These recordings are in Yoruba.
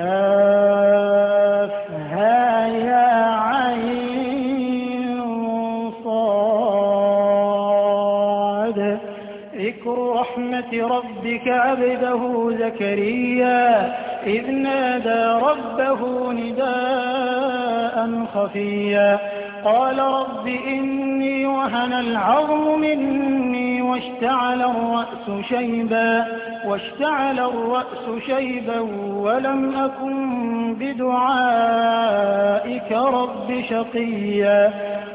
يا عين صاد ذكر رحمة ربك عبده زكريا إذ نادى ربه نداء خفيا قال رب إني وهن العظم مني واشتعل الرأس شيبا واشتعل الرأس شيبا ولم أكن بدعائك رب شقيا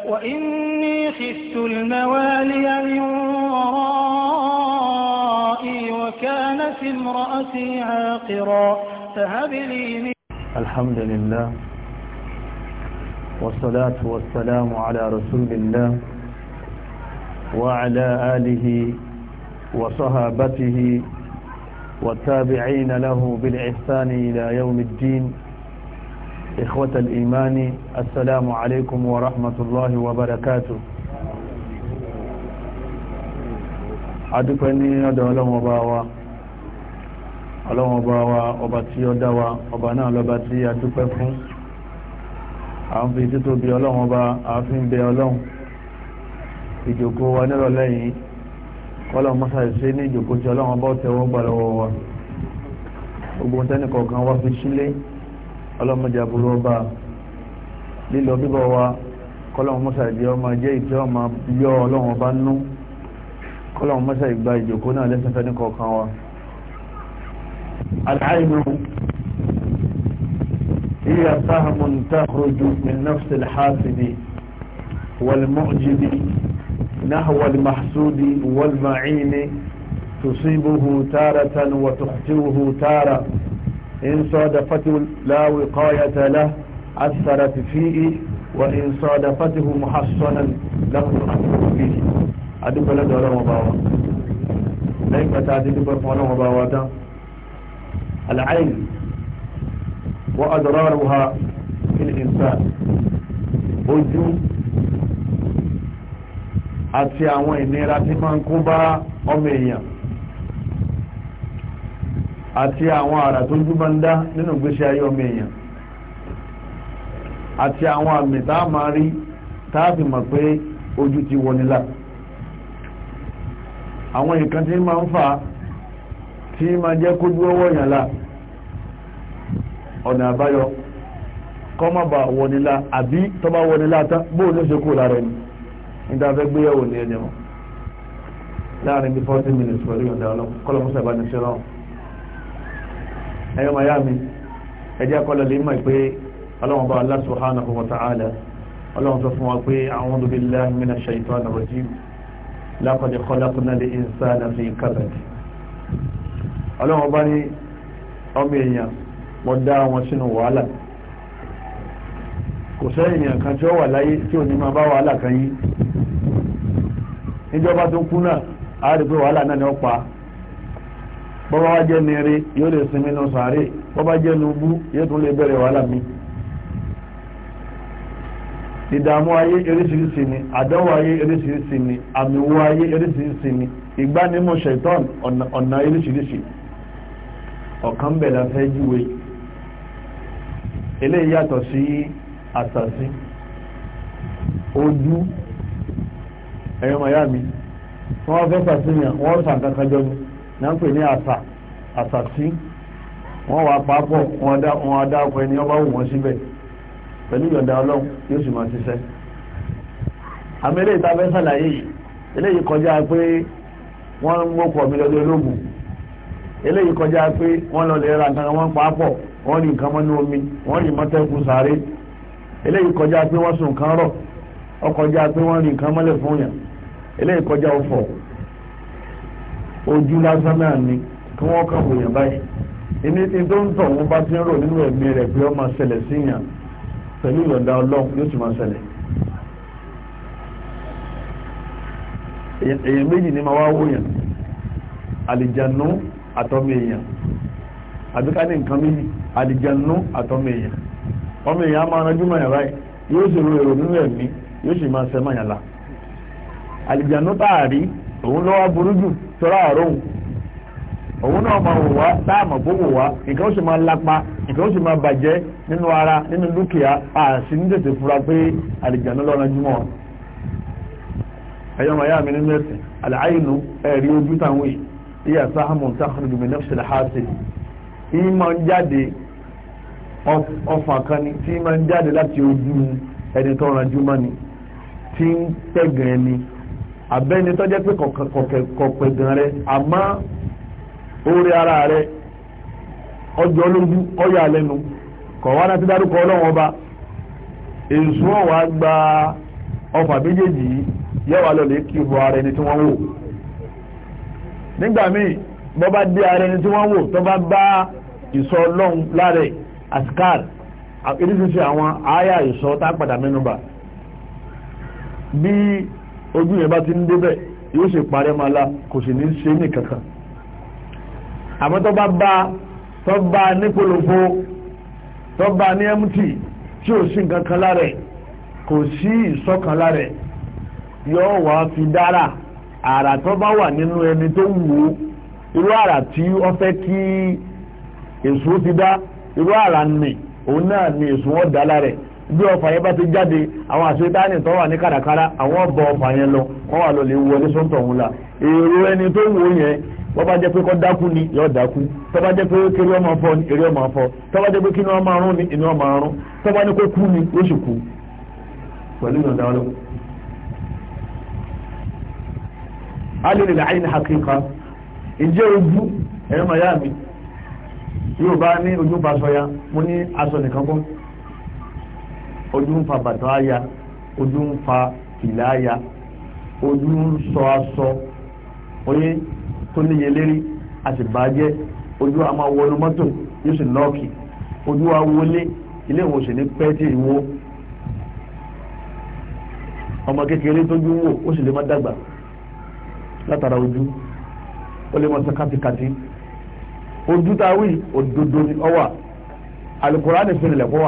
وإني خفت الموالي من ورائي وكانت امرأتي عاقرا فهب لي الحمد لله والصلاة والسلام على رسول الله وعلى آله وصحابته والتابعين له بالإحسان إلى يوم الدين إخوة الإيمان السلام عليكم ورحمة الله وبركاته adúpẹ́ ọ̀dọ̀ ọlọ́run ọba wa ọlọ́run ọba wa ọba tí ó dá wa ọba náà lọ́ba tí a fún à ń fi títóbi ọlọ́run ọba àáfin bẹ ọlọ́run ìjòkó wa nírọ̀lẹ́ yìí kọ́lọ̀ mọ́sàlẹ́sẹ́ ní ìjòkó tí ọlọ́run bá tẹ́wọ́ gbà lọ́wọ́ wa gbogbo tẹ́nì kọ̀ọ̀kan wá fi sílé ọlọ́mọdé aburú ọba lílọ bíbọ̀ wa kọ́lọ̀ mọ́sàlẹ́sẹ́ ọmọ jẹ́ ìtẹ́ ọmọ yọ ọlọ́run ọba nú kọ́lọ̀ mọ́sàlẹ́sẹ́ gba ìjòkó náà lẹ́sẹ̀ fẹ́ni kọ̀ọ̀kan wa. العين هي سهم تخرج من نفس الحاسد والمعجب نحو المحسود والمعين تصيبه تارة وتخطئه تارة إن صادفته لا وقاية له أثرت فيه وإن صادفته محصنا له أثر فيه أدب لك الله مباوة لكن تعدد برفع مباوة العين وأضرارها في الإنسان وجود àti àwọn ìnira tí máa ń kó bá ọmọ èèyàn àti àwọn àrà tó júbọ ń dá nínú ìgbésí ayé ọmọ èèyàn àti àwọn àmì tá a máa rí tá a fi mọ̀ pé ojú ti wọnilá àwọn nǹkan tí máa ń fà tí máa jẹ́ kójú ọwọ́ èèyàn la ọ̀nà àbáyọ kọ́ má ba wọnilá àbí tó bá wọnilá tán bóun ló ṣe kúrò lára ẹni níta fẹ́ gbéyàwó ní ẹni o láàrin bíi forty minutes pẹ̀lú ìyọ̀ǹda kọ́lọ́mùsà ìbánisẹ́rọ̀ ẹ̀yọ́ màyá mi ẹ̀jẹ̀ akọ́lọ̀ lè mọ̀ pé ọlọ́run bá Allah subhanahu wa ta'ala ọlọ́run sọ fún wa pé a'udhu billahi minash shaitanir rajim laqad khalaqnal insana fi kabad ọlọ́run bá ní ọmọ èèyàn mọ̀ dá wọn sínú wàhálà kò sẹ́yìn èèyàn kan tí ó wà láyé tí ò ní máa bá wàhálà kan yìí níjọba tó kú náà a rí pé wàhálà náà ni ó pa bọ́bá wá jẹ́ nire yóò lè sinmi nù sàárè bọ́bá jẹ́ nubú yóò tún lè bẹ̀rẹ̀ wàhálà mi ìdààmú ayé eréṣiríṣi ni àdánwò ayé eréṣiríṣi ni àmìwò ayé eréṣiríṣi ni ìgbánimọ̀ ṣẹ̀tọ́n ọ̀nà eréṣiríṣi ọ̀kan bẹ̀ la fẹ́ júwe eléyìí yàtọ̀ sí àṣàṣì ojú ẹ̀yọ́ miami wọ́n fẹ́ sàṣìyàn wọ́n sàn kankan jọ ní náà pè ní àṣà àṣàṣí wọ́n wà pàápọ̀ wọn ẹni ọba wù wọ́n síbẹ̀ pẹ̀lú ìyọ̀ǹda ọlọ́run yóò sì máa àmì eléyìí tá a fẹ́ sàlàyé yìí eléyìí kọjá pé wọ́n ń wọ́pọ̀ mi lọ́dọ̀ pé wọ́n lọ lè ra nǹkan wọn pàápọ̀ wọ́n rí nǹkan mọ́nú omi wọ́n rí mọ́tẹ́kù sáré eléyìí kọjá pé wọ́n sùn kan rọ̀ ọkọjá pé wọ́n rí nǹkan eléyìí kọjá ọ̀fọ̀ ojú lásán náà ni kí wọ́n kàn wòyàn báyìí ìní tí tó ń tọ̀ wọ́n bá ti ń rò nínú ẹ̀mí rẹ̀ pé ó máa ṣẹlẹ̀ síyàn pẹ̀lú ìyọ̀ǹda ọlọ́run yóò sì máa ṣẹlẹ̀ èèyàn méjì ni máa wá wòyàn àlìjànú àtọ́mọ èèyàn àbí ní nǹkan méjì àlìjànú àtọ́mọ èèyàn ọmọ èèyàn á máa ranjú mọ̀ yàrá yóò sì ro èrò nínú ẹ̀mí yóò sì máa ṣẹ́ mọ̀ yàrá àlìjànú tààrí òun lọ́wọ́ burú jù sọ́rọ́ àrùn òun náà máa wò wá táàmù wò wá nǹkan ó sì máa nǹkan ó sì máa bàjẹ́ nínú ara nínú dúkìá àti ní tètè fura pé àlìjànú lọ́ra jùmọ̀ ẹ̀yọ́ màá nínú ẹ̀sìn àlàáyìnú ẹ̀rí ojú táwọn ìyá sáhàmù ìyí máa ń jáde ọfà kan ni tí máa ń jáde láti abẹ́ni tó jẹ́ pé kọ̀pẹ̀ gan rẹ àmọ́ orí ara rẹ ọjọ́ lójú ọyà lẹ́nu kọ̀wá náà ti dárúkọ ọlọ́run ọba èso ọ̀wá gba ọfà méjèèjì yìí yẹ́wà lọ lè kí ìbò ara ẹni tí wọ́n wò nígbà míì bọ́ bá dé ara ẹni tí wọ́n wò tó bá bá ìsọ ọlọ́run láre askar irisisi àwọn àyà ìsọ tá a padà mẹ́nubà bíi ojú yẹn bá ti ń débẹ̀ yóò sì parẹ́ máa la kò sì ní ṣe ní kankan àmọ́ tó bá bá tó bá ní polongo tó bá ní mt tí ò sí nǹkan kan lára ẹ̀ kò sí ìsọ́kan lára ẹ̀ yóò fi dára àrà tó bá wà nínú ẹni tó wù ú ti dá irú nì òun náà ni èso wọn dá lára ẹ̀ bí ọfà yẹn bá ti jáde àwọn àṣetáni tó wà ní kàràkàrà àwọn ọba ọfà yẹn lọ wọn wà lọ lè wọlé sọ́ńtọ̀ òun la èrò ẹni tó wò yẹn wọ́n bá jẹ́ pé kọ́ dákú ni yọ dákú tó bá jẹ́ pé kiri ọmọ fọ ni eré ọmọ fọ tó bá jẹ́ pé kíni ọmọ arún ni ìní ọmọ arún tó bá ní kó kú ni ó sì kú pẹ̀lú ìyọ̀dá ọlọ́run. alìlè làáyé ní hakíka ìjẹ́ ojú ẹ̀rọ màyá mi yóò bá ní ojú bá sọ ya mo ní aṣọ nìkan kọ́ ojú ń fa bàtà àyà ojú ń fa fìlà àyà ojú ń sọ aṣọ oyé tó níye lérí a sì bàjẹ́ ojú a máa wọnú mọ́tò yóò sì lọ́ọ̀kì ojú wa wọlé ilé ìwòsàn ní pẹ́ẹ́tì ìwó ọmọ kékeré tójú wò ó sì lè má dàgbà látara ojú ó lè má sọ kátikati ojú táwí òdodo ni ọwà alukurani fi nílẹ̀ kó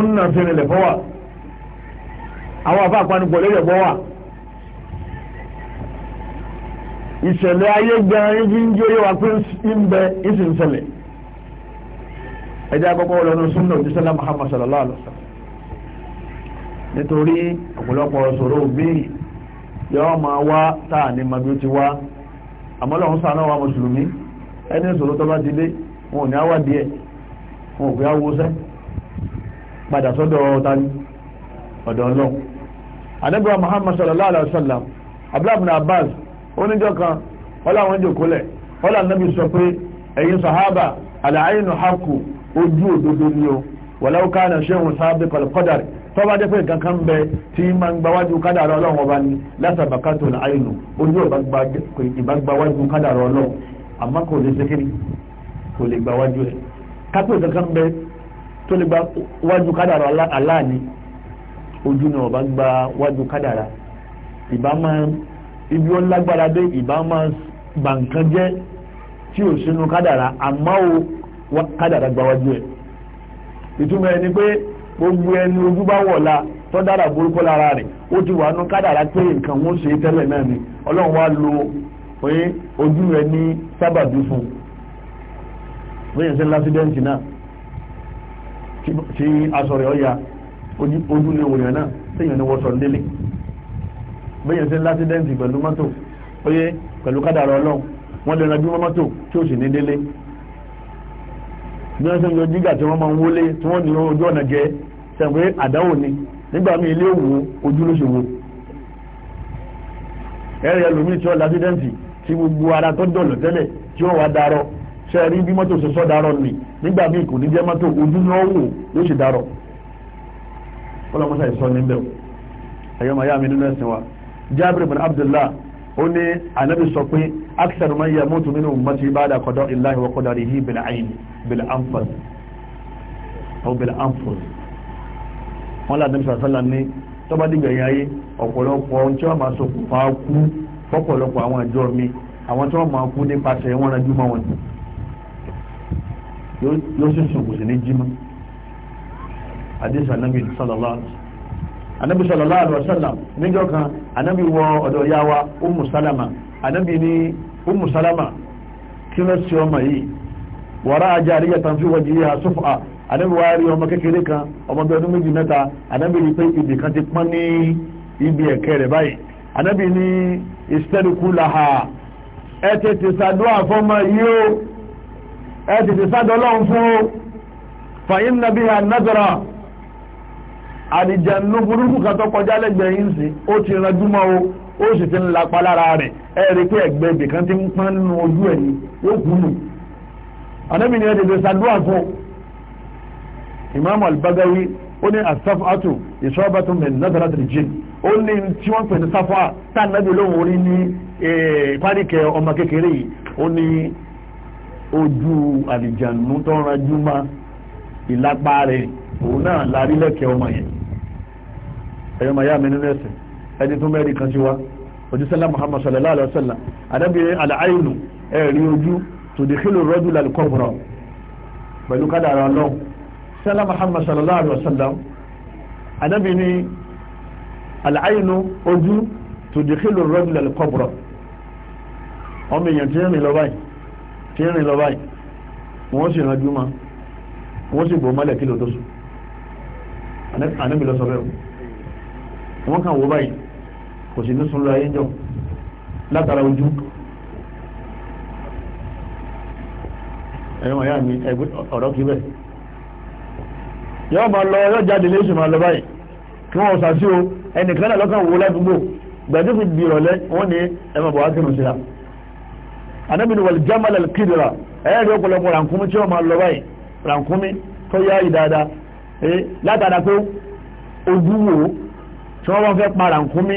súnà fi rìnlẹ̀ awa wà àwọn àfa àpanupọ̀ lérè fọ́ wà ìṣẹ̀lẹ̀ ayé gan ibi ń jóyè wá pé ń bẹ ìsì ń na ẹjẹ́ àkọ́kọ́ lọ́nu súnà òjísọ́lá Muhammad sallallahu alaihi wasallam nítorí ọ̀pọ̀lọpọ̀ sọ̀rọ̀ òbíì yọ́ máa wá táà ní magbé ti wá àmọ́lọ́hún sáà náà mùsùlùmí ẹni tó bá wọn ò ní padà sọ́dọ̀ tani ọ̀dọ̀ ọlọ́run anabi muhammad sallallahu alaihi wa sallam abdullahi bin abbas oníjọ kan ọlọ́run ń jòkólẹ̀ ọlọ́run anabi sọ pé ẹ̀yin sahaba alaayinu haku ojú òdodo ni o wàláwù káàna ṣéhùn sáábì kọlùkọ́dàrì tó bá jẹ́ pé nǹkan kan bẹ tí máa ń gbáwájú kádàrọ̀ ọlọ́run ọba ni lásàbàkátò àìnù ojú ìbágbáwájú kádàrọ̀ ọlọ́run àmọ́ kò lè ṣe kiri kò lè gbáwájú ẹ̀ kátó nǹkan kan bẹ tó lè gba wájú kádàrà aláàní ojú ni ọba gba wájú kádàrà ìbá máa ibi ó lágbára dé ìbá máa bà nǹkan jẹ́ tí ò sínú kádàrà àmọ́ o kádàrà gba wájú ẹ̀ ìtumọ̀ ẹni pé gbogbo ẹni ojú bá wọ̀ la tó dára burúkú lára rẹ̀ ó ti wà nú kádàrà pé nǹkan wọn ṣe tẹ́lẹ̀ náà ni ọlọ́run wá lo ojú rẹ̀ sábàbí fún un bóyá ṣe lásídẹ́ǹtì náà tí aṣọ rẹ̀ ọ̀ya ojúlé òyìn náà téèyàn ní wọ́sọ̀ délé bẹ́yẹn sí lásídẹ́ǹtì pẹ̀lú mọ́tò oyé pẹ̀lú kádàrà ọlọ́run wọ́n lè ràn bí mọ́tò tí ó sì ní délé bí wọ́n sì ń yọ jígà tí wọ́n máa ń wọlé tí wọ́n ní ojú ọ̀nà jẹ sẹ́gbẹ́ àdáwò ni nígbà míì ilé òwò ojú ló ṣe wo ẹ̀rẹ̀ ẹlòmíì tí ó lásídẹ́ǹtì tí gbogbo ara tó dọ̀lọ̀ tẹ́lẹ̀ tí ó wà dárọ̀ ṣe rí bí mọ́tò ṣe sọ darọ ni nígbà míì kò ní jẹ́ mọ́tò ojú ni ó wò ló ṣe darọ kọlọmọsá ìsọ níbẹ̀ o ẹ̀yọ́ màá yá mi nínú ẹ̀sìn wa Jabir bin Abdullah ó ní anabi sọ pé akthar man yamutu min ummati ba'da qada'i Allahi wa qadarihi bil ayn bil anfas aw bil anfus wọn làdé sàlá ní tọ́ba dìgbẹ̀yìn ayé ọ̀pọ̀lọpọ̀ ohun tí wọ́n máa ṣokùnfà kú fọ́pọ̀lọpọ̀ àwọn ìjọ mi àwọn tí wọ́n máa kú nípasẹ̀ wọn rájú mọ́ wọn yóò sì sùn kò sì ní jímọ̀ adéṣà anábì sallallahu anábì sallallahu alaihi wasallam níjọ́ kan anábì wọ ọ̀dọ̀ ya wa umu salama anábì ní umu salama kí ló ṣe ọmọ yìí wàrà ajá àríyá tàn fi wọ́n yìí àsọ́fà anábì wá rí ọmọ kékeré kan ọmọ bí ọdún méjì mẹ́ta anábì rí pé ibì kan ti pọ́n ní ibi ẹ̀kẹ́ rẹ̀ báyìí anábì ní ìsẹ́dùkú làhà ẹ̀ tètè ṣàdúrà fọ́mọ yìí ó ẹ tètè sádọ́ lọ́hùn fún o fàyín nàbí ha nàzọ́ra àdìjẹ̀nu burúkú kan tó kọjá lẹ́gbẹ̀ẹ́ yín sí ó ti ranjúmọ́ o ó sì ti ń lapa lára rẹ̀ ẹ rí pé ẹ̀gbẹ́ ibì kan ti ń pọ́n nínú ojú ẹ̀ ní yóò kú nù ànábì ni ẹ tètè sàdúrà Imam al-Bagawi ó ní asafatu ìṣọ́bàtún min nazaratil jinn ó ní tí wọ́n pè ní sáfà tá ànábì lóhùn orí ní eh, páríkẹ́ ọmọ kékeré yìí ó ní ojú àlìjànú tó ń ranjú mọ́ ìlápá rẹ̀ òun náà la rí lẹ́kẹ̀ẹ́ ọmọ yẹn ẹ̀yọ́ màá yá mi nínú ẹ̀sìn ẹni tó mẹ́rin kan sí wa ojúsẹ́lá muhammad sallallahu alayhi wa sallam adábìnrin aláìlú ẹ̀rí ojú tòdìkìlò rọ́dù làlùkọ́bùrọ̀ pẹ̀lú kádàrà ọlọ́run sẹ́lá muhammad sallallahu alayhi wa sallam adábìnrin aláìlú ojú tòdìkìlò rọ́dù làlùkọ́bùrọ̀ ọmọ èèyàn tí ó rìn lọ báyìí tí ń rìn lọ báyìí wọ́n sì ránjú ma wọ́n sì bò mọ́lẹ̀ kílò tó sùn ànábì lọ sọ bẹ́ẹ̀ o wọ́n kàn wò báyìí kò sí ní sun lọ ayé jọ látara ojú ẹ̀yìn ọ̀yá mi ọ̀rọ̀ kí bẹ́ẹ̀ yọ́ máa lọ yọ́ jáde léṣù máa lọ báyìí kí wọ́n sàṣí o ẹnìkan náà lọ́kàn wò ládùúgbò gbẹ̀dúfì bìrọ̀lẹ́ wọ́n ní ẹ̀mọ̀ bọ̀ wá kírun síra anábìnrin wal jamal al-kidra ẹ̀yẹ́ rí ọ̀pọ̀lọpọ̀ rànkúmí tí wọ́n máa lọ báyìí rànkúmí tó yá yìí dáadáa látara pé ojú wo tí wọ́n bá fẹ́ pa rànkúmí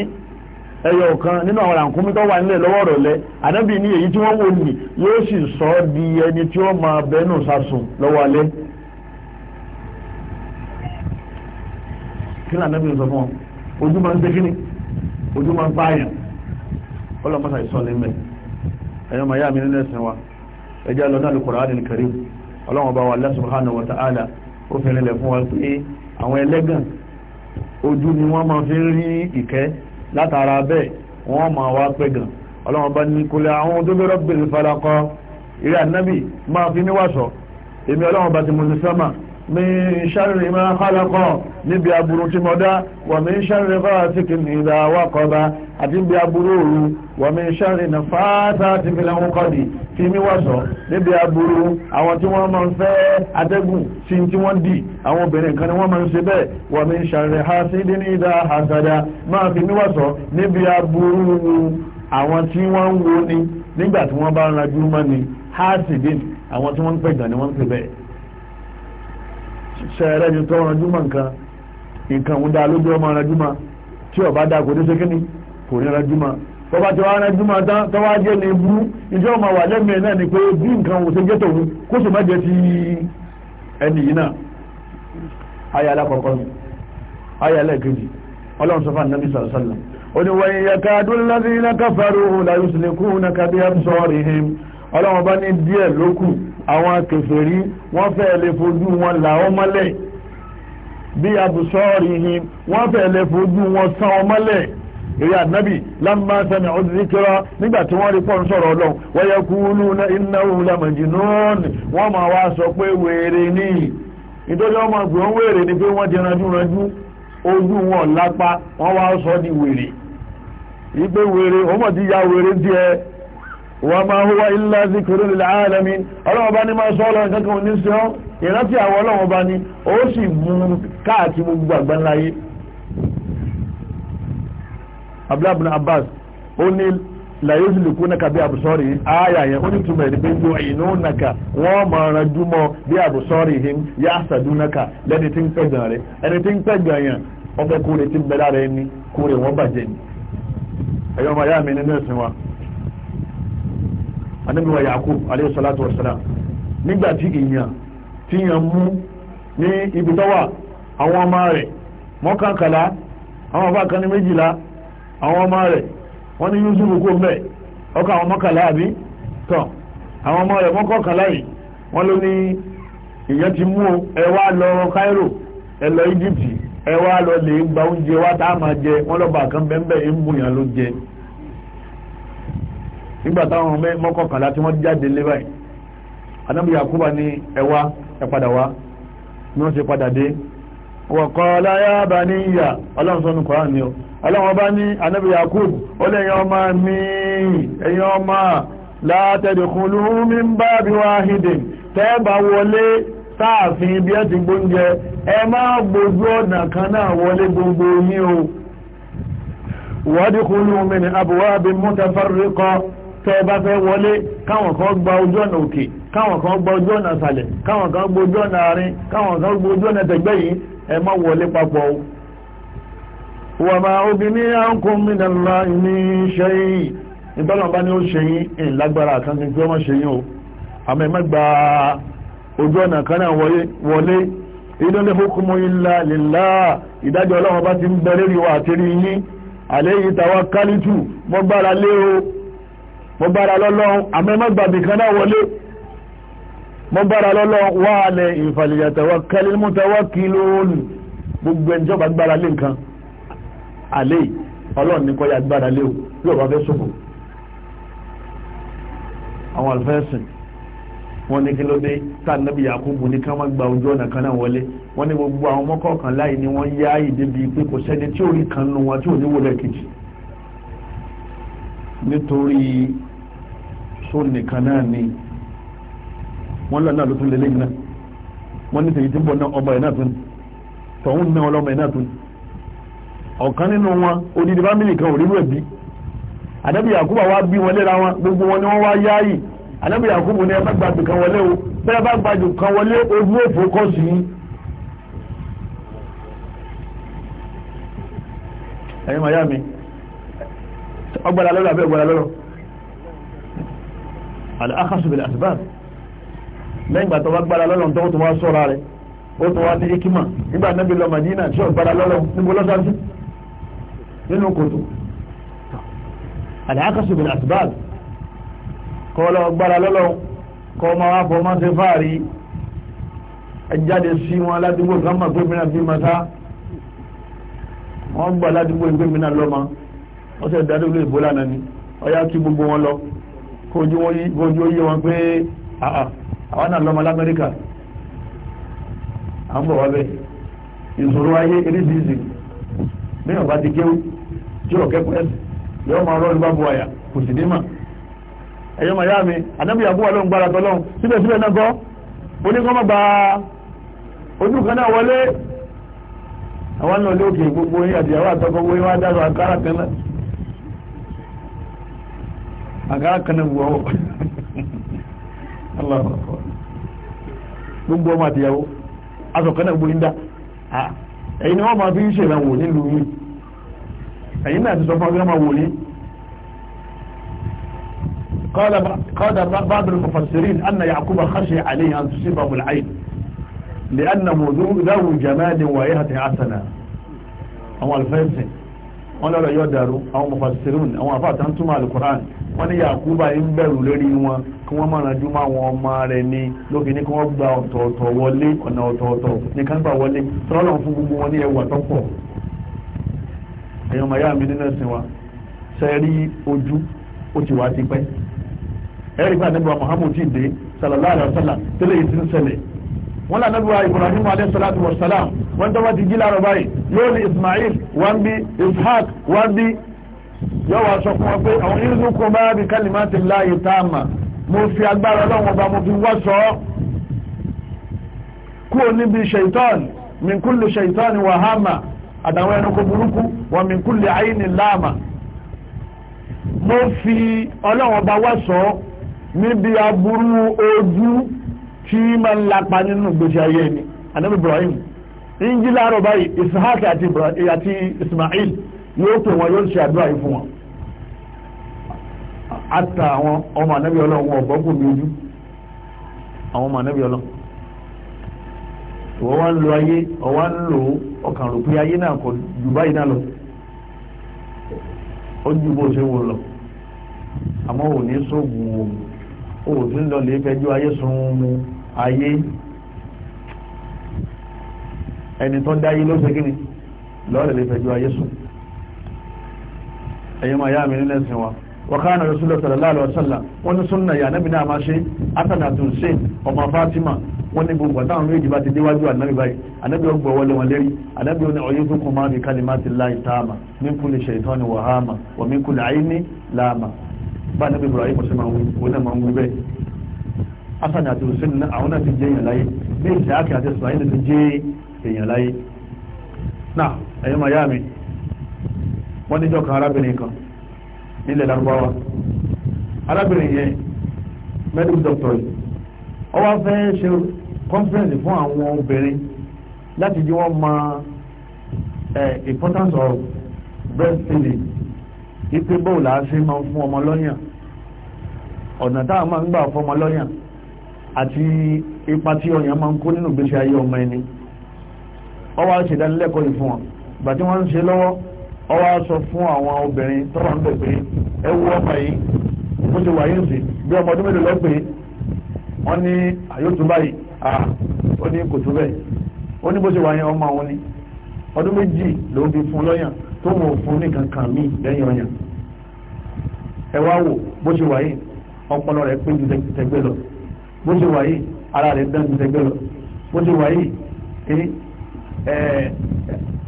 ẹyọ kan nínú àwọn rànkúmí tó wà nílẹ̀ lọ́wọ́ rọ̀lẹ́ anábìnrin èyí tí wọ́n wò ní yóò sì sọ ọ́ di ẹni tí wọ́n máa bẹ́nu sásùn lọ́wọ́ alẹ́ kí ni anábìnrin sọ fún ọ ojú máa ń ṣe kí ni ojú máa ń pààyàn ọlọ́mọ ẹ̀yọ́ ma yá mi nínú ẹ̀sìn wa ẹjá lọ náà Al-Qur'an al-Karim bá wa Allah subhanahu wa ta'ala ó fi rinlẹ̀ fún wa pé àwọn ẹlẹ́gàn ojú ni wọ́n máa fi rí ìkẹ́ látara bẹ́ẹ̀ wọ́n máa wá pẹ́gàn ọlọ́wọ́n bá ní kul a'udhu bi rabbil falaq ìrẹ́ ànábì máa fi níwàsọ̀ èmi ọlọ́wọ́n bá ti mọ̀ sí sẹ́mà min sharri ma khalaq níbi aburú tí mo dá wàmí sáré fáà tí kì ní ìdá wa kọba àti níbi aburú òru wàmí sáré na fáátá ti fi lẹ́hún kọ́dì tí mi wà sọ níbi aburú àwọn tí wọ́n máa ń fẹ́ atẹ́gùn sí tí wọ́n dì àwọn obìnrin kan ni wọ́n máa ń ṣe bẹ́ẹ̀ wàmí sáré ha sí dín ní ìdá máa fi mi wà sọ níbi aburú àwọn tí wọ́n ń wo ni nígbà tí wọ́n bá ń rajú mọ́ ni hasidin àwọn tí wọ́n ń pẹ̀gàn ni wọ́n ń pè bẹ́ẹ̀ sẹ́ẹ̀rẹ́ ni tó ranjú mọ́ nǹkan nǹkan òun dá lójú ọmọ aranjúmọ́ tí ọba dá kò ní ṣe kíní kò ní aranjúmọ́ bọ́bá tí wọ́n aranjúmọ́ tán tó ní ibú ìjọ ọmọ wà náà ni pé bí nǹkan òun ṣe jẹ́ tòun kó sì má ti ẹni yìí náà ayé alákọ̀ọ́kọ́ mi ayé alákejì ọlọ́run sọ fún ànábì sàlọ́sàlọ́ ó ní wọ́n yẹ káàdùn lọ́sí iná káfàrú làyùsìlẹ̀kú náà kàbí him bí abùsọ́ọ̀rì ni wọ́n fẹ́ fojú wọn sán ọmọlẹ̀ eré ànábì lámà sami ọdúnríkẹ́rọ nígbà tí wọ́n rí pọ́n sọ̀rọ̀ ọlọ́run wọ́yẹ kúlú ináwó lamajinun wọ́n máa wá sọ pé wèrè ní nítorí ọmọ pé wọ́n wèrè ni pé wọ́n ti ranjú ranjú ojú wọn lápá wọ́n wá sọ di wèrè wèrè ya wèrè wa ma huwa illa zikrun lil alamin ọlọ́wọ́ bá ní máa sọ ọlọ́run kankan òní sí ọ́ ìrántí àwọn ọlọ́wọ́ bá ní ó sì mú káàkiri gbogbo àgbáńláyé abdullahi ibn abbas ó ní láyé ìsìnkú náà bí àbùsọ́rì ayà yẹn ó ní túmọ̀ ẹ̀dí pé ń lo ìnú nàkà wọ́n máa ran júmọ́ bí àbùsọ́rì yìí yá àṣàdún nàkà lẹ́ni tí ń pẹ̀gàn rẹ̀ ẹni tí ń pẹ̀gàn yẹn ọmọ anabi wa yakub aleyhi salatu wa salam nígbà tí èèyàn tí yàn mú ní ibi tọ́wà àwọn ọmọ rẹ̀ mọ́kànkàlá àwọn ọba kan ní méjìlá àwọn ọmọ rẹ̀ wọ́n ní yusufu kó mẹ́ ọkọ̀ àwọn mọ́kànlá àbí tọ̀ àwọn ọmọ rẹ̀ mọ́kànkàlá yìí wọ́n ló ní èèyàn ti mú ẹ wá lọ cairo ẹ lọ egypt ẹ wá lọ lè gba oúnjẹ wá tá a máa jẹ wọ́n lọ́ba kan bẹ́ẹ̀ bẹ́ẹ̀ ń mú yàn ló jẹ nígbà táwọn mọ́kànlá tí wọ́n jáde lé báyìí anábì Yakuba ní ẹwà ẹpadà wá ni wọ́n ṣe padà dé wa qala ya baniya ọlọ́run sọ́nù kọ́rán ni ó ọlọ́run bá ní anábì Yakub ó lẹ́yìn ọmọ mi ẹ̀yìn ọmọ la tadkhulu min babi wahidin tẹ́ẹ̀bà wọlé sáàfin bí ẹ ti gbóúnjẹ ẹ máa gbójú ọ̀nà kan náà wọlé gbogbo ní o wadkhulu min abwabin mutafarriqa tọ́ ọba fẹ́ wọlé káwọn kan gba ojú ọ̀nà òkè káwọn kan gba ojú ọ̀nà àsàlẹ̀ káwọn kan gba ojú ọ̀nà àárín káwọn kan gba ojú ọ̀nà tẹ̀gbẹ́ yìí ẹ má wọlé papọ̀ o. wà máa obìnrin àǹkó mi nàlá ní ṣe yìí ìbálòpá ni ó ṣe yín ìlágbára kan kí wọ́n ṣe yín o àmọ́ ẹ má gba ojú ọ̀nà kan náà wọlé ìdánlẹ̀ hukumu illa lillah ìdájọ́ ọlọ́run bá ti ń bẹ mo gbára lọ́lọ́run àmọ́ má gbàgbé kan náà wọlé mo gbára lọ́lọ́run wà á lẹ ìfàlìyàtọ̀wọ́ kẹ́lí mútawọ́ kí lóòlù gbogbo ẹnjọba gbára lé nǹkan àlè ọlọ́run ní kọ́ ya gbára lé o bí ọba fẹ́ sọ̀kò àwọn àlùfẹ́sìn wọ́n ní kí ló dé tànàbí Yakubu ní ká má gba ojú ọ̀nà kan náà wọlé wọ́n ní gbogbo àwọn mọ́kọ̀ọ̀kan láì ní wọ́n yá ìdí bíi pé kò sẹ́ni tí ò rí kan nu wọn tí ò ní wọlé kejì nítorí só nìkan náà ni wọ́n lọ náà ló tún lé lẹ́yìn náà wọ́n ní tèyí tí ń bọ̀ náà ọmọ ẹ̀ náà tún tọ̀hún náà ọlọ́mọ ẹ̀ náà tún ọ̀kan nínú wọn odidi fámìlì kan ò rí wẹ̀ bí ànábì Yakubu wa bí wọn léra wọn gbogbo wọn ni wọ́n wá yáàyè ànábì Yakubu ni ẹ bá gbàgbé kan wọlé o bẹ́ẹ̀ bá gbàgbé kan wọlé ojú òfò kọ́ sí i ẹ̀yin màyá mi ọgbàdà àbẹ́ ọgbàdà al-akhadh bil asbab lẹ́yìn ìgbà tó bá gbára lọ́lọ́run tó wá sọ́ra rẹ̀ ó tó wá ní ikima nígbà nẹ́bí lọ Madina tí ó gbára lọ́lọ́run níbo lọ́sàájú nínú kòtò al-akhadh bil asbab kọ́ lọ gbára lọ́lọ́run kọ́ ma wá fọ́ máa ṣe fáàrí ẹjáde sí wọn aládùúgbò kan mọ̀ pé mìíràn fi máa sá wọ́n gbà aládùúgbò ìgbé mìíràn lọ́mọ kojú oyé wọn pé àwọn náà lọ́mọ lamẹ́ríkà à ń bọ̀ wá bẹ́ẹ̀ ìṣòro ayé eréṣiríṣi bí wọn bá ti kéwú tí ò kẹ́kọ̀ọ́ ẹ̀sìn yóò máa rọ́ọ̀lù bá bu àyà kò sì ní mà ẹ̀yọ́ màyá mi ànábìyà bú wa lóhùn gbára tọ́lọ́hùn síbẹ̀síbẹ̀ náà kọ́ oníkọ́mọ̀ gba ojú kan náà wọlé àwọn náà lókè gbogbo yín àtìyàwó àtọkọ gbogbo yín wá dáadọ́ àkàrà kan náà àgáàkaná wọ́wọ́ aláàkọ́ gbogbo ọmọ àtìyàwó asọ̀kaná gbogbo ìdá ẹ̀yìn ni wọ́n máa fi ń ṣe ìrànwò nílùú yìí ẹ̀yìn náà ti sọ fún agbẹ́mà wò ní kọ́dà bábìlì mufassirin anna yakuba khashi alayhi an tusiba mul'ayn li'annahu dhawu jamalin wa yahti hasana àwọn alfẹ́sìn wọ́n lọ́rọ̀ yóò dàrú àwọn mufassirun àwọn afáàtàn túmọ̀ al wọ́n ní Yakuba yìí ń bẹ̀rù lórí wọn kí wọ́n máa ránjú máa wọn ọmọ rẹ̀ ni lófin ní kí wọ́n gba ọ̀tọ̀ọ̀tọ̀ wọlé ọ̀nà ọ̀tọ̀ọ̀tọ̀ ní ká gbà wọlé tọ́lọ̀ fún gbogbo wọn ní ẹwà tó pọ̀ èèyàn màyá mi nínú ẹ̀sìn wa ṣe rí ojú ó ti wá ti pẹ́ ẹ̀rí fún àdébùwà Muhammadu ti dé sallallahu alaihi wasallam tẹ́lẹ̀ yìí ti ń ṣẹlẹ̀ wọ́n lè anábíwá ibrahim aleyhisalatu wasalam wọ́n tọ́wọ́ ti jí láàrọ̀ báyìí yóò ní ismail wọ́n bí ishaq wọ́n bí yóò wá sọ fún wọn pé àwọn irun kò bá bí kálímátì láàyè tá a mà mo fi agbára ọlọ́run ọba mo fi wọ́ sọ ọ́ kúrò níbi ṣèitán min kulli ṣèitán wàhámà àtàwọn ẹranko burúkú wà min kulli àyínì láàmà mo fi ọlọ́run ọba wọ́ sọ ọ́ níbi aburú ojú tí máa ń nínú gbèsè ayé ni anabi Ibrahim ń jí báyìí Ishaq àti Ismail yóò pè wọn yóò ṣe àdúrà yìí fún wọn. Ata àwọn ọmọ ànábì ọlọ́run wọn ọ̀bọ́gbò mi ojú àwọn ọmọ ànábì ọlọ́run ìwọ wá ń lo ayé ọwá ń lò ó ọkàn rò pé ayé náà kò jù báyìí náà lọ ó ju bó ṣe wò lọ àmọ́ ò ní sóògùn òògùn òògùn tí ń lọ lè fẹjú ayé sun ayé ẹni tó dáyé ló ṣe kí ni lọ́ọ̀lẹ̀ lè fẹjú ayé sun ẹ̀yin máa yá mi nínú ẹ̀sìn wa wakana rasulullah sallallahu alaihi wasallam wani sunna ya nabi náà máa ṣe asana tunse ọmọ fatima wọn ni gbogbo àtàwọn méjì bá ti déwájú ànábì báyìí ànábì ó gbọ́ wọlé wọn lérí ànábì ó ní ọyẹ́ tó kún máa bí kalimati láì táàmà min kulli shaytani wa hama wa min kulli aini láàmà bá ànábì ibrahim ṣe máa wí wọn náà máa wí bẹ́ẹ̀ asana tunse ní àwọn náà ti jẹ́ èèyàn láyé bí ìsáàkì àti ismail ti jẹ́ èèyàn láyé náà ẹ̀yọ́ miami wọ́n níjọ́ kan arábìnrin kan N'ile lárúbáwá arábìnrin yẹn medical doctor yìí ó wá fẹ́ ṣe conference fún àwọn obìnrin láti jí wọ́n mọ importance of breastfeeding ipe bóòlù àṣẹ máa ń fún ọmọ lọ́yàn ọ̀nà táà máa ń gbà fún ọmọ lọ́yàn àti ipa tí ọyàn máa ń kó nínú ìgbésí ayé ọmọ ẹni ó wá ṣèdánilẹ́kọ̀ọ́ yìí fún wọn ìgbà tí wọ́n ń ṣe lọ́wọ́ ọ wá sọ fún àwọn obìnrin tó ń bẹ̀ pé ọmọ yìí bó ṣe wà yín sí bí ọmọ ọdún mélòó ní báyìí ó ní kò tó ní bó ṣe wà ọdún méjì ló fún lọ́yàn tó mọ̀ fún ní kankan míì lẹ́yìn ọyàn ẹ wá wò bó ṣe ọpọlọ rẹ̀ pé lọ lọ bó ṣe wà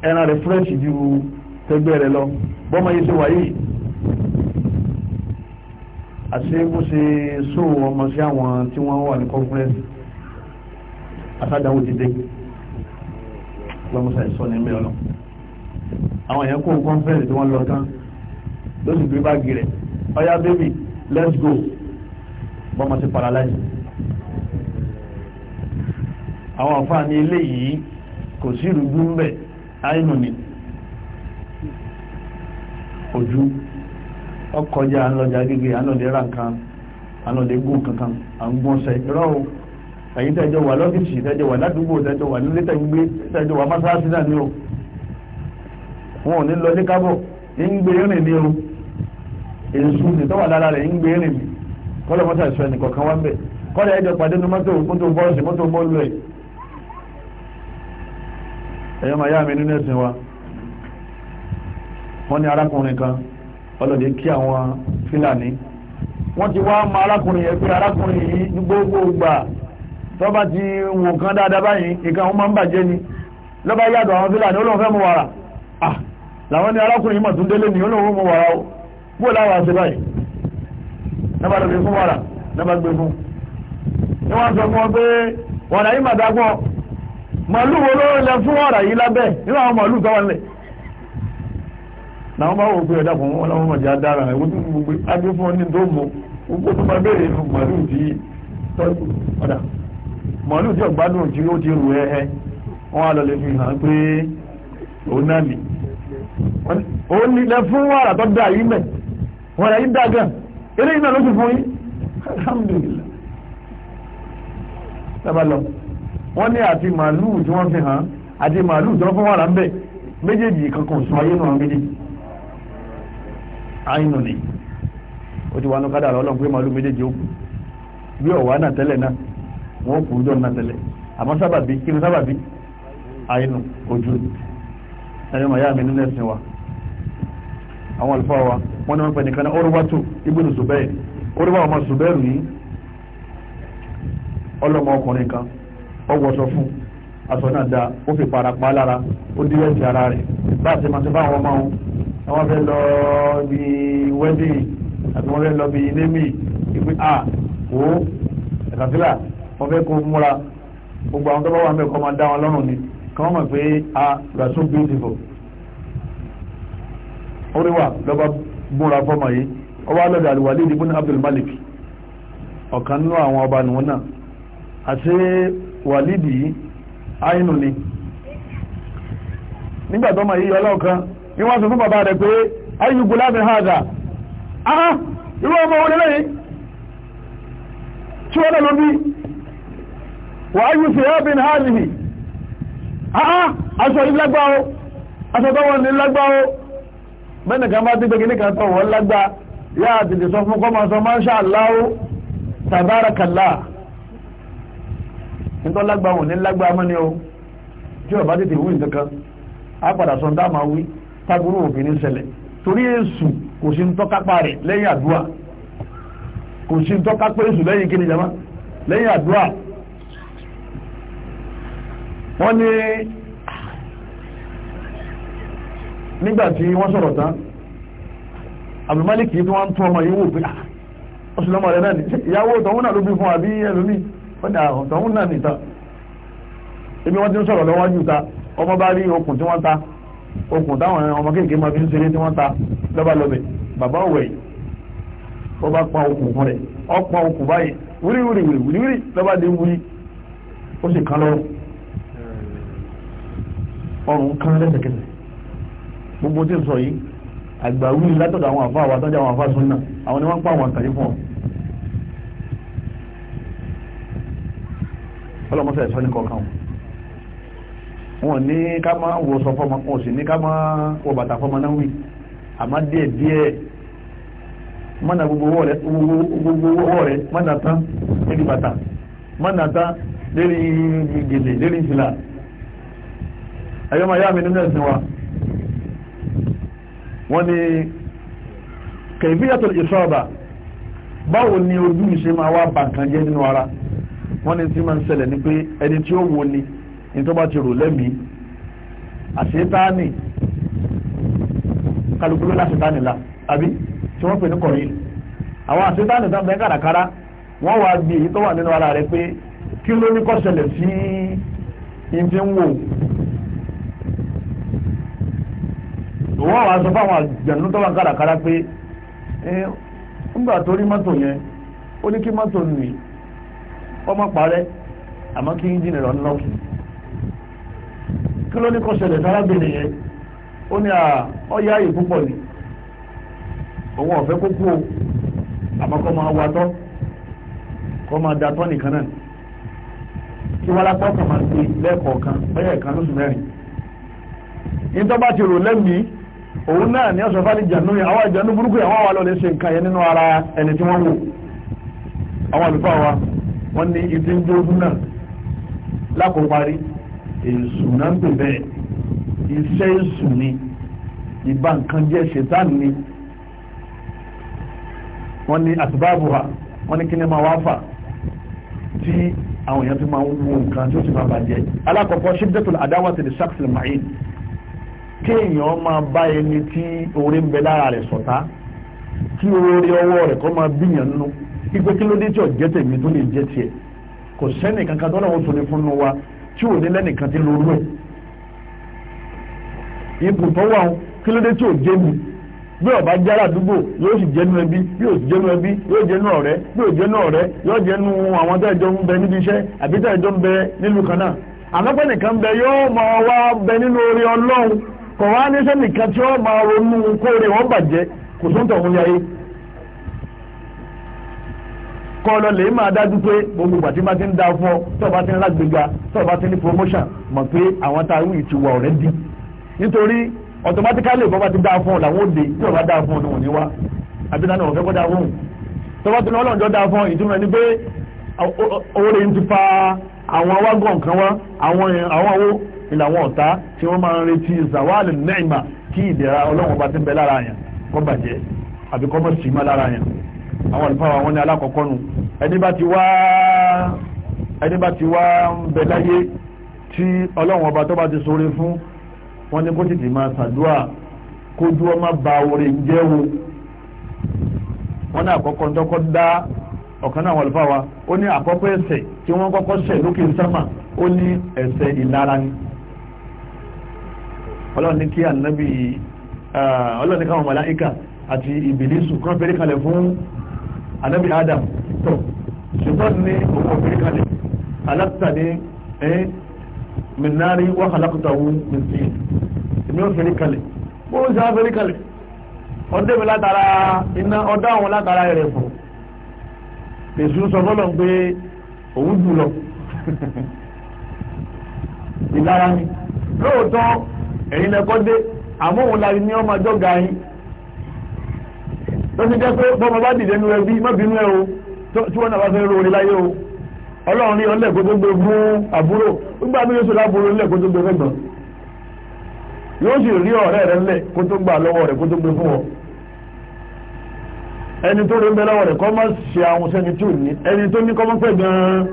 ẹran tẹgbẹ́ rẹ lọ bọ́mọ yìí ṣe wáyé àṣé bó ṣe sóò ọmọ sí àwọn tí wọ́n wà ní conference àtàdáwò ti dé lọ́mọṣà ìsọ ní mẹ́ọ̀lọ́ àwọn èèyàn kó conference tí wọ́n lọ tán ló sì gbé báàgì rẹ̀ ọ̀yá baby let's go bọ́mọ sí paralyze àwọn àǹfààní eléyìí kò sí ìrújú ń bẹ̀ àìnù ni. ojú ọkọjá ńlọjà gígé anọdé ra anọdé gún kankan à ń o ẹ̀yin tẹ́jọ wà lọ́fíìsì tẹ́jọ wà ládùúgbò tẹ́jọ wà nílé tẹ́gbé tẹ́jọ wà mọ́sáàsì náà ni o wọn ò ní lọ ní ń gbé o lára rẹ̀ ń gbé rìn ní ẹnì kọ̀ọ̀kan wá ń bẹ̀ ẹ̀jọ̀ pàdé ní mọ́tò mọ́tò bọ́ọ̀sì mọ́tò bọ́ọ̀lù ẹ̀ ẹ̀yọ́ màá yá mi nínú ẹ̀sìn wọ́n ní arákùnrin kan ọlọ́dẹ kí àwọn fúlàní wọ́n ti wá mọ arákùnrin yẹn pé arákùnrin yìí ní gbogbo gbà tọ́ba ti wò kán dáadáa báyìí nǹkan wọn máa ń bàjẹ́ ni lọ́ba yàtọ̀ àwọn fúlàní ó lóun fẹ́ mu wàrà ah làwọn ní arákùnrin yìí mọ̀ tún délé ni ó lóun mu wàrà o bó láwọn àṣẹ báyìí nàbà lóbi fún wàrà nàbà gbé fún ni wọ́n sọ fún wọn pé wàrà yìí mà dágbọ́ màálù wo ló lẹ fún wàrà yìí lábẹ́ nínú àwọn màálù tó nílẹ̀ làwọn bá wò pé ẹ̀dá fún wọn láwọn mọ̀já dára ẹ̀wọ́n tó gbogbo adé fún ọ ní tó mọ gbogbo tó máa béèrè fún màálù tí tọ́jú ọ̀dà màálù tí ọ̀gbádùn tí ó ti rù ẹ́ ẹ́ wọ́n á lọ lè fi hàn pé òun náà nì òun nílẹ̀ fún wàrà tó dá yìí mẹ́ wàrà yìí dá gan eré iná ló ti fún yín alhamdulillah sábàlọ wọ́n ní àti màálù tí wọ́n fi hàn àti màálù tí wọ́n fún wàrà ń bẹ̀ méjèèjì kankan sọ ayé náà méjèèjì àyínú ni ó ti wà ní kádàrà ọlọ́run pé màálù méjèèjì ó kù bí ọ̀wá náà tẹ́lẹ̀ náà wọ́n kù jọ náà tẹ́lẹ̀ àmọ́ sábàbí kí ni sábàbí àyínú ojú ẹ̀yọ́ màyá mi nínú ẹ̀sìn wa àwọn àlùfáà wa wọ́n ní wọ́n pẹ̀ nìkan náà ọrọ̀ wàtò ibùdó sùbẹ́ẹ̀ ọrọ̀ ọmọ sùbẹ́ẹ̀ rí ọlọ́mọ ọkùnrin kan ọwọ́sọ fún aṣọ náà ó fi lára ara rẹ̀ a ti máa ti bá àwọn ọmọ àwọn fẹ́ lọ bí wedding àti wọ́n fẹ́ lọ bí nemi ìpè à kó ẹ̀kàfílà wọ́n fẹ́ kó múra gbogbo àwọn tó bá wà ń bẹ̀ kọ́ máa dá wọn lọ́rùn ni kí wọ́n mọ̀ pé a rà so beautiful orí wa lọ́ba múra fọ́mọ yìí ọba lọ́dọ̀ Al-Walid ibn Abdul Malik ọ̀kan nínú àwọn ọba nìwọ̀n náà àti Walidi àìnù ni nígbà tó mọ̀ yìí ọlọ́ọ̀kan ni wọ́n sọ fún bàbá rẹ̀ pé ayu gulami haza aha irú ọmọ wọn lẹ́yìn tí wọ́n lọ bí wà ayu siyabin hazihi aha aṣọ ìlágbáwó aṣọ tọ́wọ́ ní lágbáwó mẹ́nà kan bá ti gbé kìnnìkan tọ́wọ́ lágbá yá àtìdì sọ fún kọ́mọ sọ máa ń ṣàláwó tàbárakàlá nítọ́ lágbáwó ní lágbá mọ́ni o tí ọba tètè wí nǹkan kan á padà sọ ń dá máa wí tábúrò obìnrin ṣẹlẹ̀ torí èsù kò sí ń tọ́kápá rẹ̀ lẹ́yìn àdúrà kò sí ń tọ́kápá èsù lẹ́yìn kí ni jama lẹ́yìn àdúrà wọ́n ní nígbàtí wọ́n sọ̀rọ̀ tán abdulmaliki tí wọ́n ń tún ọmọ yìí wò pé ọ̀sùlọ́mọ̀ ah, rẹ̀ náà ni ìyàwó tọ̀hún náà ló bí fún àbí ẹlòmí fọ́dà ah, tọ̀hún náà nìta ibi wọ́n ti ń sọ̀rọ̀ lọ́wọ́ jù ta ọmọ bá rí okùn tí wọ́n ta okùn táwọn ọmọ kéèké máa fi ń ṣeré tí wọ́n ta lọ́ba lọ́bẹ̀ bàbá òwẹ̀ ó bá pa okùn fún rẹ̀ ó pa okùn báyìí wíríwírí wíríwírí lọ́ba dé wúrí ó sì kán lọ́rùn ọrùn kán lẹ́sẹ̀kẹsẹ̀ gbogbo tí ń sọ yìí àgbà wíì látọ̀dọ̀ àwọn àfa àwọn àtọ́jà àwọn àfa súnà àwọn ni wọ́n ń pa àwọn àkàrí fún ọ. ọlọ́mọsẹ̀ ẹ̀sọ́ ní kọ̀ọ̀kan wọn wọn ní ká máa wọ sọ fọmọ wọn sì ní ká máa wọ bàtà fọmọ náà wì àmọ́ díẹ̀ díẹ̀ mọ́nà gbogbo owó rẹ̀ gbogbo owó rẹ̀ mọ́nà tán lérí bàtà mọ́nà tán lérí gèlè lérí ìsìlá ayọ́mọ̀ ayá mi nínú ẹ̀sìn wa wọ́n ní kẹfíyàtọ̀ ìṣọ́ọ̀bà báwo ni ojú ìṣe máa wá bàǹkan jẹ́ nínú ara wọ́n ní tí máa ń ṣẹlẹ̀ ni pé ẹni tí ó wo ni nítorí bá ti rò lẹ́mìí àṣetáàní kálukú la àbí tí wọ́n pè ní kọ̀ọ̀yìn àwọn àṣetáàní tó ń bẹ kàràkàrà wọ́n wá gbé èyí tó wà nínú ara rẹ pé kí ló ní ṣẹlẹ̀ sí ibi ń wò wọ́n wá sọ fáwọn àjẹ̀nú tó wà ń kàràkàrà pé tó rí mọ́tò yẹn ó kí ló ní kó ṣẹlẹ̀ sárábìnrin yẹn ó ní ọ̀yá yìí púpọ̀ ni òun ọ̀fẹ́ kó o àmọ́ kó máa wa tọ́ kó máa da tọ́ nìkan náà kí wọ́n lápá kan máa gbé lẹ́ẹ̀kọ̀ọ̀kan bẹ́ẹ̀ kan lóṣù mẹ́rin yìí tó bá ti rò lẹ́mìí òun náà ní ọ̀sán fáli jànú yẹn àwọn ìjànú burúkú yẹn wọ́n wà lọ́ọ́ ṣe nǹkan yẹn nínú ara ẹni tí wọ́n wò àwọn àlùfáà wa wọ́n ní ìdí ń jó ọdún náà lákòó parí èsù náà ń pè bẹ́ẹ̀ iṣẹ́ èsù ni ìbá nǹkan jẹ́ ṣètàn ni wọ́n ní àtibáàbò wa wọ́n ní kíni máa wá fà tí àwọn èèyàn ti máa ń wo nǹkan tí ó sì máa bàjẹ́ alákọ̀ọ́kọ́ ṣíbdẹ́tùl àdáwà ti di sàkìsì màáyì kéèyàn máa bá ẹni tí oore ń bẹ lára rẹ̀ ṣọ̀tá kí oore ọwọ́ rẹ̀ kọ́ máa bíyàn nú ipe kí ló dé tí ọ̀jẹ́ tèmi tó lè jẹ́ tiẹ̀ kò sẹ́nì kankan tó náà ó tún ní fún wa tí ò ní lẹ́nìkan ti lorú ẹ̀ ipò tó wà kí ló dé tí ò jẹ́ mi bí ọba jẹ́ aládùúgbò yóò sì jẹ́nu ẹbí yóò sì jẹ́nu ẹbí yóò jẹ́nu ọ̀rẹ́ yóò jẹ́nu ọ̀rẹ́ yóò jẹ́nu àwọn tẹ́ẹ̀jọ ń bẹ níbi iṣẹ́ àbí tẹ́ẹ̀jọ ń bẹ nílùú kan náà àmọ́pẹ́ nìkan bẹ yóò máa wá bẹ nínú orí ọlọ́run kọ̀ níṣẹ́ nìkan tí ó máa ronú kóore wọ́n bàjẹ́ kò sóńtọ̀ òun yáyé kọ́ lọ lè máa dájú pé gbogbo ìgbà tí bá ti ń da fún ọ tó bá ti ń lágbèga tó bá ti ní promotion mọ̀ pé àwọn tá a wí ti wà ọ̀rẹ́ dì nítorí automatically bọ́ bá ti da fún ọ làwọn ò dé tí ọba da fún ọ níwọ̀n ní wá àbíta náà ọ̀fẹ́ kọ́ da fún tó bá ti ní ọlọ́run jọ da fún ìtumọ̀ ni pé owó lè ti fa àwọn awágọ̀ nǹkan wá àwọn owó ìlàwọn ọ̀tá tí wọ́n máa ń retí zawal nẹ́ẹ̀mà kí ìdẹ̀ra ọlọ́run bá ti ń bẹ lára yẹn kọ́ bàjẹ́ àbí kọ́ mọ̀ sí mọ́ lára yẹn àwọn àlùfáà wọn ní alákọ̀ọ́kọ́ nù ẹni bá ti wá ẹni ń bẹ láyé tí ọlọ́run ọba tó bá ti sóore fún wọn ní kó tètè máa ṣàdúrà kó dúró má ba oore jẹ́ wo wọn ní àkọ́kọ́ ńtọ́kọ́ dá ọ̀kan náà wọn àlùfáà wa ó ní àkọ́kọ́ ẹ̀ṣẹ̀ tí wọ́n kọ́kọ́ ṣẹ̀ lókè sámà ó ní ẹ̀ṣẹ̀ ìlara ni ọlọ́run ní kí ànábì ah, ọlọ́run ní káwọn màláíkà àti ìbìlísù kan fẹ́rẹ́ kalẹ̀ fún anabi adam tó ṣùgbọ́n ní òun òfin kalẹ̀ alákùtà ní ẹ́ mìnárì wà alákùtà wù mìtì èmi ò fẹ́rí kalẹ̀ bó ń sá fẹ́rí kalẹ̀ ọdẹ mi látara iná ọdọ àwọn látara rẹ̀ fún èsù sọ fọlọ pé òun jù lọ ìlara ni lóòótọ́ ẹ̀yin lẹ́kọ́ dé àmọ́ òun ní ọmọ ọjọ́ ga yín ló ti jẹ́ pé bọ́mọ bá dìde nu ẹbí má bínú ẹ o tí wọ́n náà bá fẹ́ ro orí láyé o ọlọ́run ní ọlẹ́ kótó gbé fún àbúrò nígbà tó yóò sọ lábúrò ńlẹ̀ kótó gbé fẹ́gbọ̀n yóò sì rí ọ̀rẹ́ rẹ ńlẹ̀ kótó gbà lọ́wọ́ rẹ kótó gbé fún ọ ẹni tó rí ń bẹ lọ́wọ́ rẹ̀ kọ́ máa ṣe àwọn sẹ́ni tí ò ní ẹni tó ní kọ́ máa pẹ́ gan-an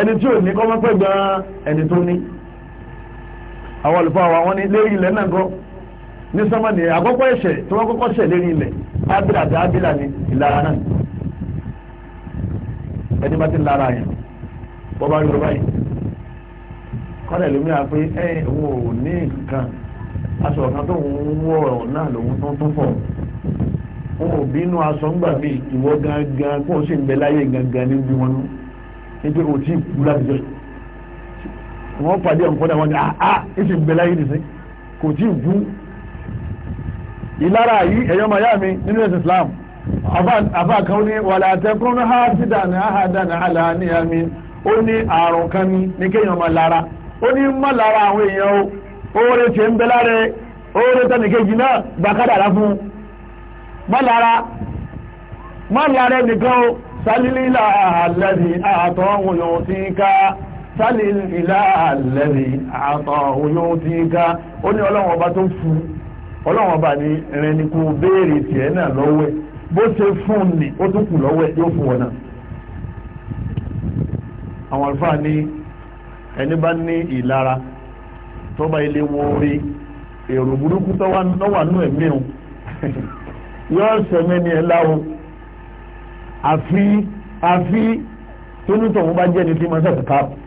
ẹni tí ò ní kọ́ máa pẹ́ gan-an ẹni tó ní àwọn olùfọ́ àwọn àwọn ní lé ilẹ̀ náà kọ́ ní sọ́mọ́ ni àkọ́kọ́ ẹ̀ṣẹ̀ tí wọ́n kọ́kọ́ ṣẹ̀ lérí ilẹ̀ ábílà àti ábílà ni ìlara náà ẹni bá ti lára yẹn bọ́ bá yorùbá yìí kọ́lẹ̀ lómi à pé ẹ òun ò ní nǹkan aṣọ kan tó ń wọ ọ̀rọ̀ náà lòun tó tún fọ̀ wọn ò bínú aṣọ ńgbà mí ìwọ gangan kó o sì ń bẹ láyé gangan ní bí wọn nú nítorí o tí ì kú láti jọ wọn pàdé ọ̀nkọ́dà wọn ni àá ah, ah, ẹ sì ń bẹ láyé nìsín kò tí ì kú ìlara yìí ẹ̀yọ́ màyá mi nínú ẹ̀sìn Islam àfáà kan ní wàlá àtẹkùn ha ti dànù àhàdànù àlàní àmì ó ní àrùn kan ní ní kéèyàn máa lára ó ní má lára àwọn èèyàn o oore tí ń bẹ lára oore tẹnìkejì náà gbàkádàrá fún má lára má lára nìkan o sálílá àlẹ́bí àtọ̀ òyò tí ká sálílá àlẹ́bí àtọ̀ òyò tí ká ó ní ọlọ́run ọba tó fún un ọlọ́run ọba ni rìn ní kò béèrè tiẹ̀ náà lọ́wọ́ ẹ̀ bó ṣe fún un ni ó tún kù lọ́wọ́ ẹ̀ yóò fún wọn náà àwọn àlùfáà ní ẹni bá ní ìlara tó ilé wo orí èrò burúkú tó wà nú ẹ̀mí o yóò ṣẹ̀mí ni ẹ̀ láwọn àfi àfi tónítọ̀ wọn bá jẹ́ ni tí wọ́n ṣàtìkáàbù